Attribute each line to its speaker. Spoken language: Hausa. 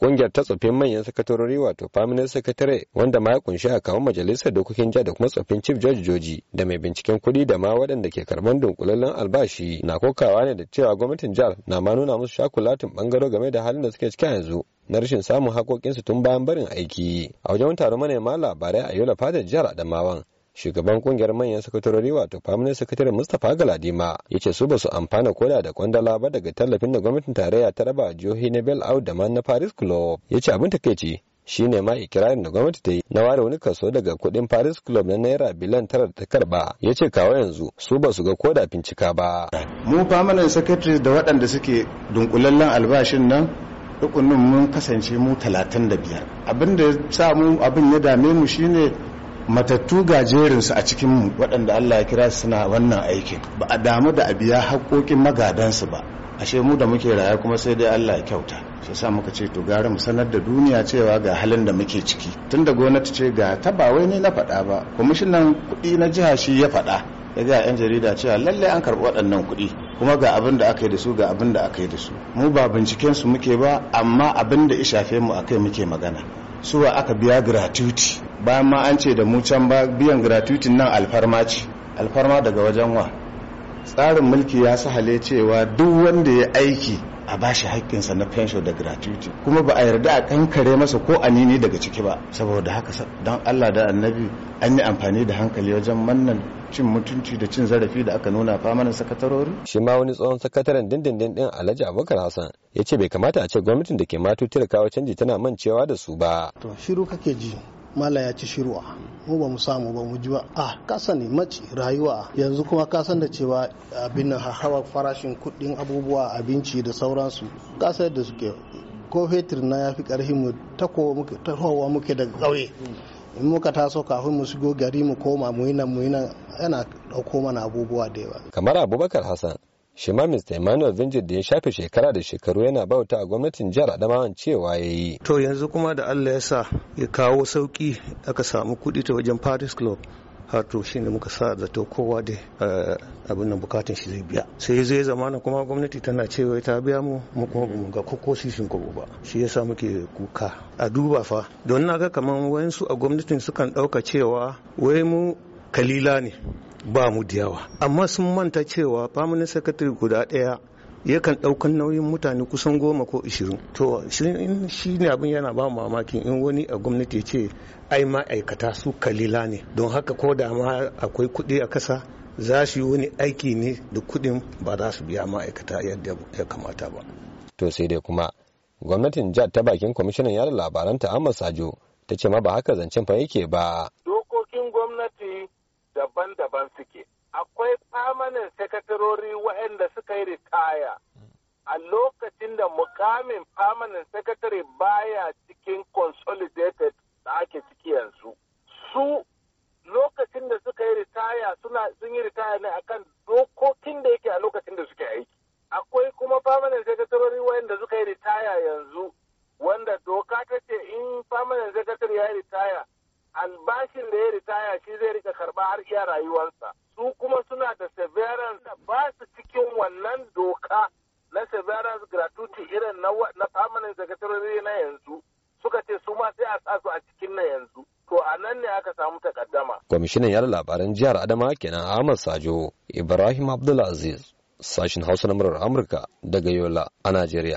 Speaker 1: kungiyar ta tsofin manyan sakatarori wato permanent sakatare, wanda ma ya kunshi a kawo majalisar dokokin jiya da kuma tsofin chief george joji da mai binciken kuɗi da ma waɗanda ke karban dunkulallen albashi na kokawa ne da cewa gwamnatin jihar na ma nuna musu shakulatin bangaro game da halin da suke ciki yanzu na rashin samun haƙoƙinsu tun bayan barin aiki a wajen taron manema labarai a yola fadar jihar adamawan shugaban kungiyar manyan sakatarori wato famanin sakataren mustapha galadima ya ce su ba su amfana koda da kwandala ba daga tallafin da gwamnatin tarayya ta raba jihohi na bel out da ma na paris club ya ce abin takaici shi ne ma ikirarin da gwamnati ta yi na ware wani kaso daga kudin paris club na naira biliyan tara ta karba ya ce kawo yanzu su ba su ga koda bincika ba mu famanin sakatare da waɗanda suke dunkulallen albashin nan rukunin mun
Speaker 2: kasance mu talatin da biyar. abin da sa mu abin ya dame mu shine matattu gajerinsu a cikinmu waɗanda Allah ya kira suna wannan aikin ba a damu da a biya haƙoƙin magadansu ba ashe mu da muke raya kuma sai dai Allah ya kyauta shi sa muka ce to gara mu sanar da duniya cewa ga halin da muke ciki tunda gwamnati ce ga ta ba wai ne na faɗa ba kwamishinan kuɗi na jiha shi ya faɗa ya ga 'yan jarida cewa lallai an karɓi waɗannan kuɗi kuma ga abin da aka yi da su ga abin da aka yi da su mu ba binciken su muke ba amma abin da ya shafe mu akai muke magana suwa aka biya gratuity bayan ma an ce da mu can ba biyan gratuity nan alfarma ce alfarma daga wajen wa tsarin mulki ya sahale cewa duk wanda ya aiki a bashi haƙƙinsa na pension da gratuity kuma ba a yarda a kankare masa ko a nini daga ciki ba saboda haka don Allah da annabi an yi
Speaker 1: amfani da hankali wajen mannan cin mutunci da cin zarafi da aka nuna famanin sakatarori. shi ma wani tsohon sakataren dindindin din alhaji abubakar hassan ya ce bai kamata a ce gwamnatin da ke matutar kawo canji tana mancewa da su ba. to shiru kake ji mala ya ci shirwa ah, mu ba mu samu
Speaker 3: ba mu ji ba a ah, kasa ne mace rayuwa yanzu kuma kasan da cewa abin nan hawa farashin kuɗin abubuwa abinci da sauransu kasa da suke ko fetur na ya fi mu kowa muke da ƙauye in muka taso kafin mu shigo gari mu koma mu yi nan mu yi nan yana ɗauko mana abubuwa da yawa
Speaker 1: kamar abubakar hassan shi ma Mr. Emmanuel Vinjit da ya shafe shekara da shekaru yana bauta a gwamnatin jihar Adamawan cewa ya yi. To yanzu kuma da Allah ya sa ya kawo sauki aka samu kuɗi ta wajen Paris
Speaker 3: Club. Hato shi ne muka sa zato kowa da eh, abin nan bukatun shi zai biya. Sai zai zama na kuma gwamnati tana cewa ta biya mu mu kuma mu ga koko sisin kobo ba. Shi yasa muke kuka. A duba fa don na ga kamar wayansu a gwamnatin sukan ɗauka cewa wai mu kalila ne ba mu da yawa amma sun manta cewa famin sakatari guda ɗaya yakan ɗaukan nauyin mutane kusan goma ko ishirin to shi ne abin yana ba mamaki in wani a gwamnati ce ai ma'aikata su kalila ne don haka ko da ma akwai kuɗi a kasa za su yi wani aiki ne da kuɗin ba za
Speaker 1: su biya ma'aikata yadda ya kamata ba to sai dai kuma gwamnatin jihar ta bakin kwamishinan yada labaranta Ahmad Sajo ta ce ma ba haka zancen fa yake ba
Speaker 4: daban-daban suke. Akwai famanin sakatarori waɗanda suka yi ritaya a lokacin da mukamin famanin sakatare baya cikin consolidated da ake ciki yanzu. Su lokacin da suka yi ritaya bashin da ya ritaya shi zai rika karba har iya rayuwarsa su kuma suna da severance da ba su cikin wannan doka na severance gratuity irin na permanent secretary na yanzu suka ce su ma sai a sa a cikin
Speaker 1: na yanzu to a nan ne aka samu takaddama kwamishinan yada labaran jihar adama kenan ahmad sajo ibrahim abdulaziz sashin hausa na murar amurka daga yola a najeriya